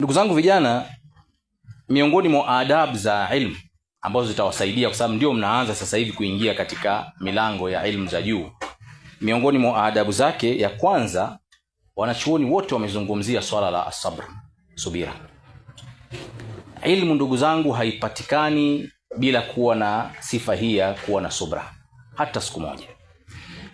Ndugu zangu vijana, miongoni mwa adabu za ilmu ambazo zitawasaidia, kwa sababu ndio mnaanza sasa hivi kuingia katika milango ya ilmu za juu, miongoni mwa adabu zake, ya kwanza, wanachuoni wote wamezungumzia swala la asabr, subira. Ilmu ndugu zangu haipatikani bila kuwa na sifa hii ya kuwa na subra, hata siku moja.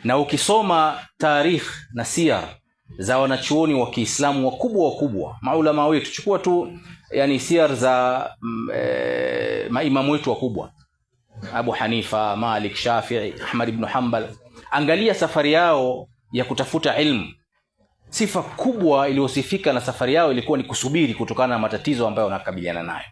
Na ukisoma tarikh na siyar za wanachuoni wa Kiislamu wakubwa wakubwa, maulama wetu. Chukua tu yani siar za mm, e, maimamu wetu wakubwa Abu Hanifa, Malik, Shafi'i, Ahmad ibn Hanbal, angalia safari yao ya kutafuta ilmu. Sifa kubwa iliyosifika na safari yao ilikuwa ni kusubiri, kutokana na matatizo ambayo wanakabiliana nayo.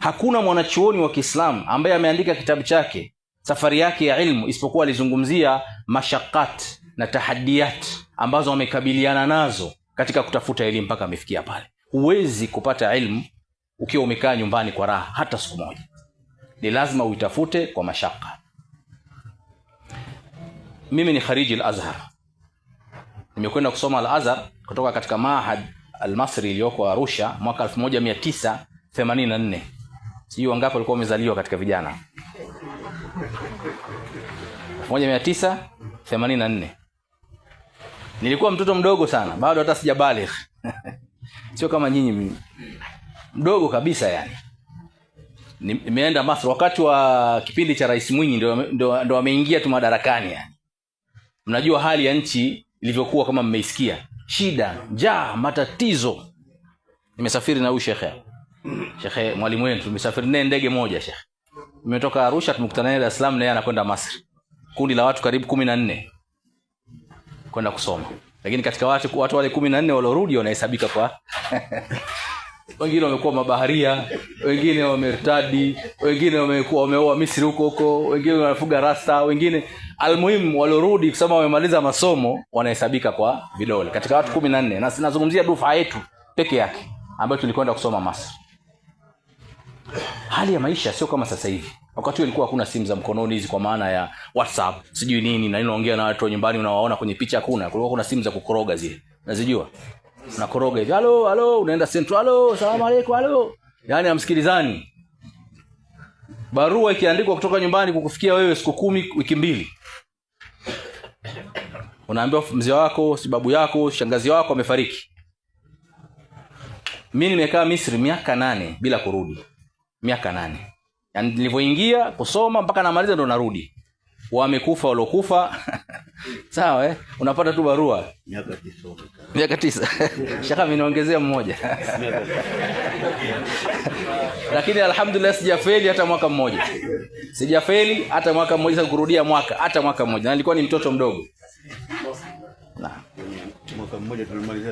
Hakuna mwanachuoni wa Kiislamu ambaye ameandika kitabu chake safari yake ya ilmu isipokuwa alizungumzia mashakati na tahadiat ambazo wamekabiliana nazo katika kutafuta elimu mpaka amefikia pale. Huwezi kupata ilmu ukiwa umekaa nyumbani kwa raha hata siku moja, ni lazima uitafute kwa mashaka. Mimi ni khariji al-Azhar, nimekwenda kusoma al-Azhar kutoka katika Mahad al-Masri iliyoko Arusha mwaka 1984. Sijui wangapi walikuwa wamezaliwa katika vijana 1984 nilikuwa mtoto mdogo sana bado hata sijabaligh sio kama nyinyi mdogo kabisa yani nimeenda masr wakati wa kipindi cha Rais Mwinyi ndo, wameingia tu madarakani yani. Mnajua hali ya nchi ilivyokuwa kama mmeisikia, shida, njaa, matatizo. Nimesafiri na huyu shekhe, shekhe mwalimu wenu tumesafiri naye ndege moja shekhe, imetoka Arusha tumekutana naye Dar es Salaam, naye anakwenda Masri, kundi la watu karibu kumi na nne kwenda kusoma lakini katika watu, watu wale kumi na nne waliorudi wanahesabika kwa wengine wamekuwa mabaharia wengine wamertadi wengine wamekuwa wameoa misri huko huko wengine wanafuga rasta wengine almuhimu waliorudi kusema wamemaliza masomo wanahesabika kwa vidole katika watu kumi na nne na sinazungumzia dufa yetu peke yake ambayo tulikwenda kusoma masri hali ya maisha sio kama sasa hivi wakati ulikuwa hakuna simu za mkononi hizi kwa maana ya whatsapp sijui nini na naongea na watu nyumbani unawaona kwenye picha hakuna kulikuwa kuna simu za kukoroga zile nazijua unakoroga hivi halo halo unaenda central halo salamu aleikum halo yani amsikilizani barua ikiandikwa kutoka nyumbani kukufikia wewe siku kumi wiki mbili unaambiwa mzee wako sibabu yako shangazi wako amefariki mi nimekaa misri miaka nane bila kurudi miaka nane yaani nilivyoingia kusoma mpaka namaliza ndo narudi wamekufa waliokufa sawa eh? unapata tu barua miaka tisa shaka miniongezea mmoja lakini alhamdulillah sijafeli hata mwaka mmoja sijafeli hata mwaka mmoja kurudia mwaka hata mwaka mmoja na nilikuwa ni mtoto mdogo na mwaka mmoja tulimaliza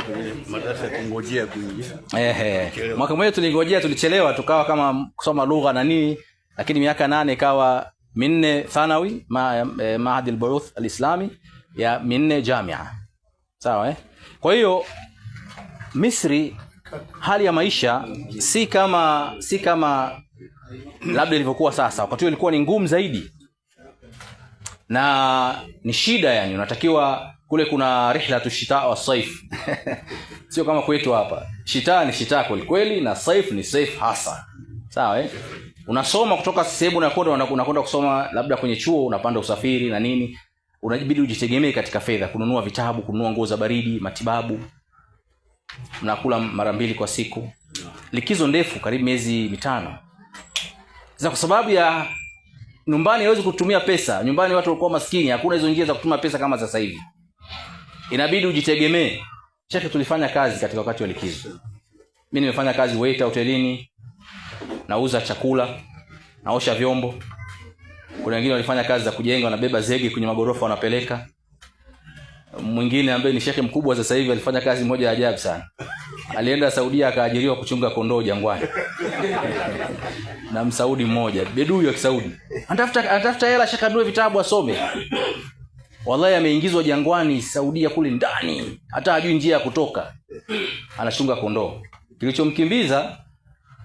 madarasa ya kungojea kuingia. Ehe, mwaka mmoja tulingojea, tulichelewa, tukawa kama kusoma lugha na nini, lakini miaka nane ikawa minne thanawi mahadi ma e, al-buruth al ya minne jamia, sawa eh? Kwa hiyo Misri hali ya maisha si kama si kama labda ilivyokuwa sasa. Wakati huo ilikuwa ni ngumu zaidi na ni shida, yani unatakiwa kule kuna rihlatu shitaa wa saif sio kama kwetu hapa shitaa ni shitaa kwelikweli na saif ni saif hasa sawa eh? unasoma kutoka sehemu unakwenda unakwenda kusoma labda kwenye chuo unapanda usafiri na nini unajibidi ujitegemee katika fedha kununua vitabu kununua nguo za baridi matibabu mnakula mara mbili kwa siku likizo ndefu karibu miezi mitano za kwa sababu ya nyumbani hawezi kutumia pesa nyumbani watu walikuwa maskini hakuna hizo njia za kutuma pesa kama sasa hivi inabidi ujitegemee shekhe tulifanya kazi katika wakati wa likizo mi nimefanya kazi waiter hotelini nauza chakula naosha vyombo kuna wengine walifanya kazi za kujenga wanabeba zege kwenye magorofa wanapeleka mwingine ambaye ni shekhe mkubwa sasa hivi alifanya kazi moja ya ajabu sana alienda saudia akaajiriwa kuchunga kondoo jangwani na msaudi mmoja bedui wa kisaudi anatafuta hela shekhe vitabu asome wallahi ameingizwa jangwani Saudia kule ndani, hata hajui njia ya kutoka, anachunga kondoo. Kilichomkimbiza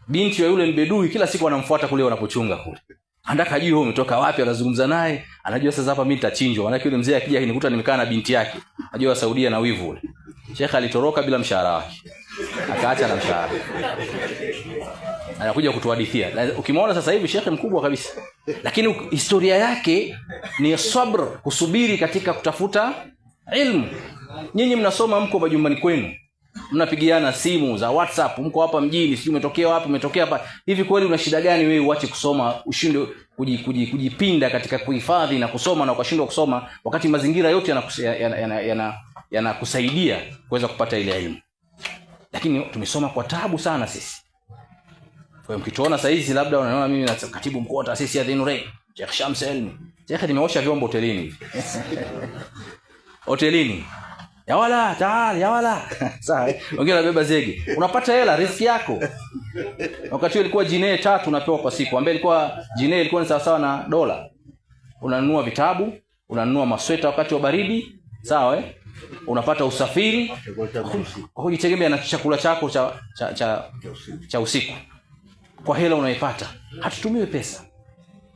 binti wa yule mbedui, kila siku anamfuata kule wanapochunga kule, andaka ajui huyo umetoka wapi. Anazungumza naye, anajua sasa hapa mimi nitachinjwa, maana yule mzee akija akinikuta nimekaa na binti yake, anajua Saudia na wivu ule. Sheikh alitoroka bila mshahara wake, akaacha na mshahara, anakuja kutuhadithia. Ukimwona sasa hivi shekhe mkubwa kabisa lakini historia yake ni sabr kusubiri katika kutafuta ilmu nyinyi mnasoma mko majumbani kwenu mnapigiana simu za whatsapp mko hapa mjini siu umetokea wapi umetokea hapa hivi kweli una shida gani wewe uache kusoma ushinde kujipinda kuji, kuji katika kuhifadhi na kusoma na ukashindwa kusoma wakati mazingira yote yanakusaidia yana, yana, yana, yana, yana kuweza kupata ile elimu lakini tumesoma kwa tabu sana sisi kwa mkituona saizi labda unaona mimi na katibu mkuu wa taasisi ya Dhinure Sheikh Shams Elmi Sheikh nimeosha vyombo hotelini hotelini ya wala taal ya wala sawa wengine wanabeba zege unapata hela riski yako wakati ilikuwa jine tatu unapewa kwa siku ambaye ilikuwa jine ilikuwa ni sawasawa na dola unanunua vitabu unanunua masweta wakati wa baridi sawa eh? unapata usafiri kwa kujitegemea na chakula chako cha cha, cha, cha usiku kwa hela unaipata, hatutumiwe pesa.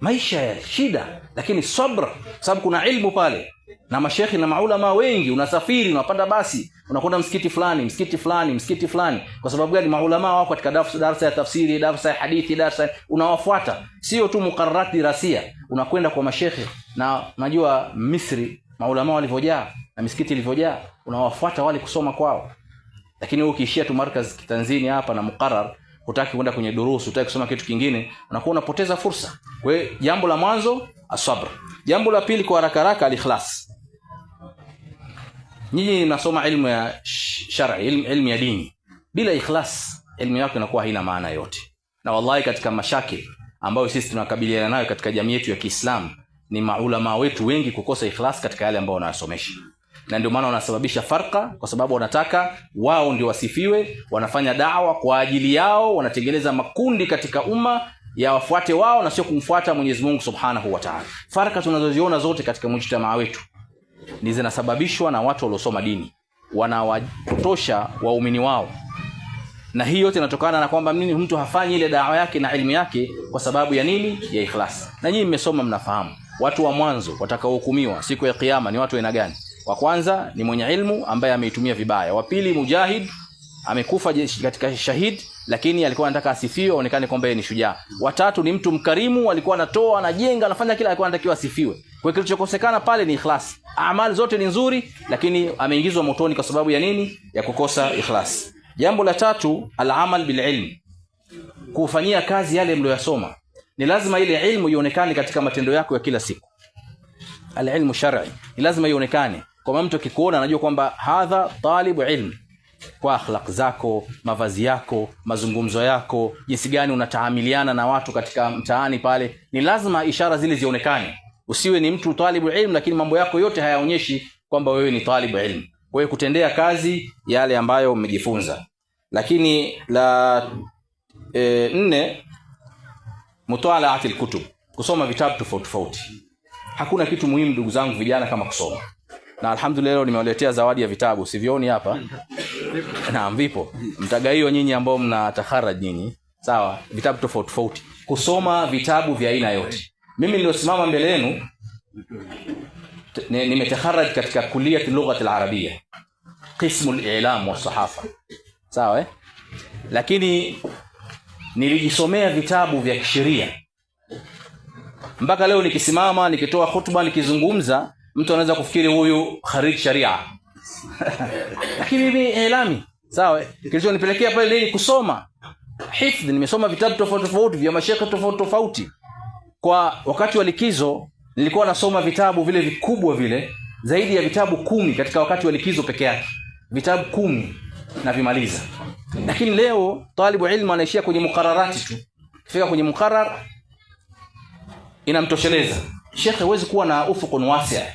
Maisha ya shida, lakini sabra, sababu kuna ilmu pale na mashekhi na maulama wengi. Unasafiri, unapanda basi, unakwenda msikiti fulani, msikiti fulani, msikiti fulani. Kwa sababu gani? Maulama wako katika darasa ya tafsiri, darasa ya hadithi, darasa unawafuata, sio tu mukararati rasia. Unakwenda kwa mashekhi, na najua Misri maulama walivyojaa na misikiti ilivyojaa, unawafuata wale kusoma kwao. Lakini wewe ukiishia tu markaz kitanzini hapa na muqarrar hutaki kwenda kwenye durusu hutaki kusoma kitu kingine unakuwa unapoteza fursa kwa hiyo jambo la mwanzo asabr jambo la pili kwa haraka haraka alikhlas nyinyi nasoma ilmu ya shari ilmu, ilmu ya dini bila ikhlas elimu yako inakuwa haina maana yote na wallahi katika mashake ambayo sisi tunakabiliana nayo katika jamii yetu ya kiislamu ni maulamaa wetu wengi kukosa ikhlas katika yale ambayo wanayosomesha na ndio maana wanasababisha farka, kwa sababu wanataka wao ndio wasifiwe. Wanafanya dawa kwa ajili yao, wanatengeneza makundi katika umma ya wafuate wao na sio kumfuata Mwenyezi Mungu Subhanahu wa Ta'ala. Faraka tunazoziona zote katika mujtamaa wetu ni zinasababishwa na watu waliosoma dini, wanawatosha waumini wao, na hii yote inatokana na kwamba nini? Mtu hafanyi ile dawa yake na elimu yake kwa sababu ya nini? Ya ikhlas. Na nyinyi mmesoma, mnafahamu watu wa mwanzo watakaohukumiwa siku ya Kiyama ni watu aina gani? Wa kwanza ni mwenye ilmu ambaye ameitumia vibaya. Wa pili mujahid, amekufa katika shahid, lakini alikuwa anataka asifiwe, aonekane kwamba yeye ni shujaa. Wa tatu ni mtu mkarimu, alikuwa anatoa, anajenga, anafanya kila alikuwa anatakiwa asifiwe. Kwa kilichokosekana pale ni ikhlas. Amali zote ni nzuri, lakini ameingizwa motoni kwa sababu ya nini? Ya kukosa ikhlas. Jambo la tatu, alamal amal bil ilm, kufanyia kazi yale mlioyasoma. Ni lazima ile ilmu ionekane katika matendo yako ya kila siku. alilmu shar'i ni lazima ionekane kwamba mtu akikuona anajua kwamba hadha talibu ilm kwa akhlaq zako mavazi yako mazungumzo yako jinsi gani unataamiliana na watu katika mtaani pale ni lazima ishara zile zionekane usiwe ni mtu talibu ilm lakini mambo yako yote hayaonyeshi kwamba wewe ni talibu ilm kwa hiyo kutendea kazi yale ambayo umejifunza lakini la e, nne mutalaati lkutub kusoma vitabu tofauti tofauti hakuna kitu muhimu ndugu zangu vijana kama kusoma na alhamdulillah leo nimewaletea zawadi ya vitabu sivioni hapa naam vipo mtagaiwa nyinyi ambao mna taharaj nyinyi sawa vitabu tofauti tofauti kusoma vitabu vya aina yote mimi niliosimama mbele yenu nimetaharaj katika kuliyat lughat alarabia qismu lilam wasahafa sawa eh? lakini nilijisomea vitabu vya kisheria mpaka leo nikisimama nikitoa hutuba nikizungumza mtu anaweza kufikiri huyu khariji sharia lakini mimi elami sawa kilichonipelekea pale lini kusoma hifdhi nimesoma vitabu tofauti tofauti vya mashekhe tofauti tofauti kwa wakati wa likizo nilikuwa nasoma vitabu vile vikubwa vile zaidi ya vitabu kumi katika wakati wa likizo peke yake vitabu kumi navimaliza lakini leo talibu ilmu anaishia kwenye mukararati tu kifika kwenye mukarar inamtosheleza shekhe huwezi kuwa na ufukun wasia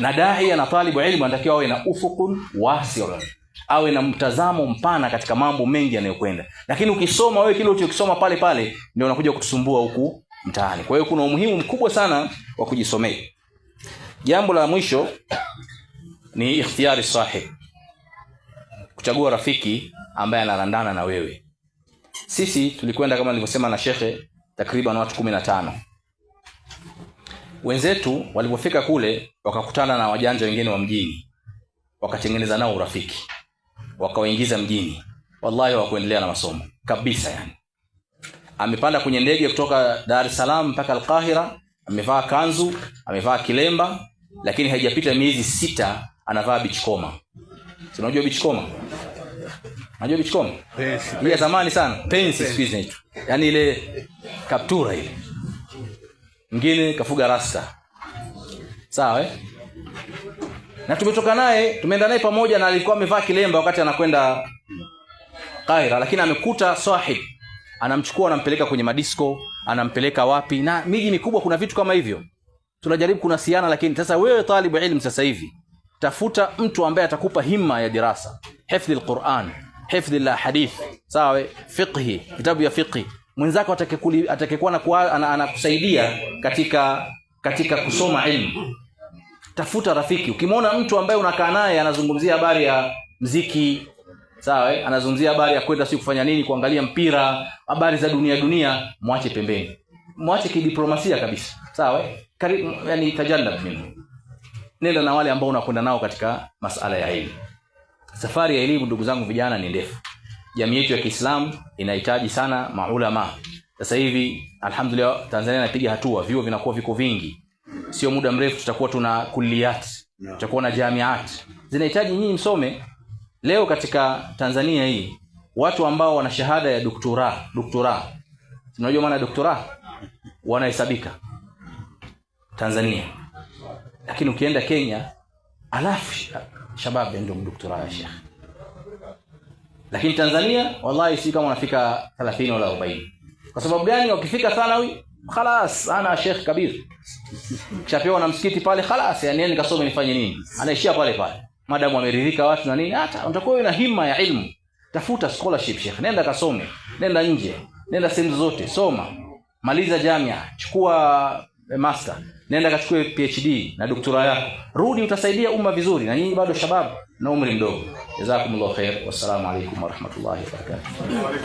na dai na talibu ilmu anatakiwa awe na ufukun wasira awe na mtazamo mpana katika mambo mengi yanayokwenda lakini ukisoma wewe kile ulichokisoma pale pale ndio unakuja kutusumbua huku mtaani kwa hiyo kuna umuhimu mkubwa sana wa kujisomea jambo la mwisho ni ikhtiari sahib kuchagua rafiki ambaye analandana na wewe sisi tulikwenda kama nilivyosema na shekhe takriban watu kumi na tano wenzetu walipofika kule wakakutana na wajanja wengine wa mjini wakatengeneza nao urafiki wakawaingiza mjini wallahi wakuendelea na masomo kabisa yani amepanda kwenye ndege kutoka dar es salaam mpaka alqahira amevaa kanzu amevaa kilemba lakini haijapita miezi sita anavaa bichkoma unajua bichkoma unajua bichkoma hii ya zamani sana pensi siku hizi naitwa yaani ile kaptura ile mwingine kafuga rasta sawa eh? na tumetoka naye tumeenda naye pamoja na alikuwa amevaa kilemba wakati anakwenda Kaira lakini amekuta sahib anamchukua anampeleka kwenye madisko anampeleka wapi na miji mikubwa kuna vitu kama hivyo tunajaribu kunasiana lakini sasa wewe talibu ilmu sasa hivi tafuta mtu ambaye atakupa himma ya dirasa hifdhi lquran hifdhi hadith sawa eh? fiqhi kitabu ya fiqhi mwenzako atakayekuwa anakusaidia katika katika kusoma ilmu tafuta rafiki ukimwona mtu ambaye unakaa naye anazungumzia habari ya mziki sawa eh? anazungumzia habari ya kwenda si kufanya nini kuangalia mpira habari za dunia dunia mwache pembeni mwache kidiplomasia kabisa sawa eh? yani tajannab mimi nenda na wale ambao unakwenda nao katika masala ya elimu safari ya elimu ndugu zangu vijana ni ndefu jamii yetu ya Kiislamu inahitaji sana maulama. Sasa hivi alhamdulillah, Tanzania inapiga hatua, vyuo vinakuwa viko vingi, sio muda mrefu tutakuwa tuna kuliyat tutakuwa na jamiat zinahitaji nyinyi msome. Leo katika Tanzania hii watu ambao wana shahada ya doktora, doktora, unajua maana doktora, wanahesabika Tanzania, lakini ukienda Kenya alafu shababu ndio mdoktora ya shekhi lakini tanzania wallahi si kama unafika 30 wala 40 kwa sababu gani wakifika thanawi khalas ana shekh kabir kishapewa na msikiti pale khalas yani nikasome nifanye nini anaishia pale pale madamu ameridhika watu na nini hata utakuwa na hima ya ilmu tafuta scholarship shekh nenda kasome nenda nje nenda sehemu zote soma maliza jamia chukua eh, master nenda kachukue PhD na doktora yako, rudi utasaidia umma vizuri, na nyinyi bado shababu na umri mdogo. Jazakumullahu khair, wassalamu alaikum warahmatullahi barakatuh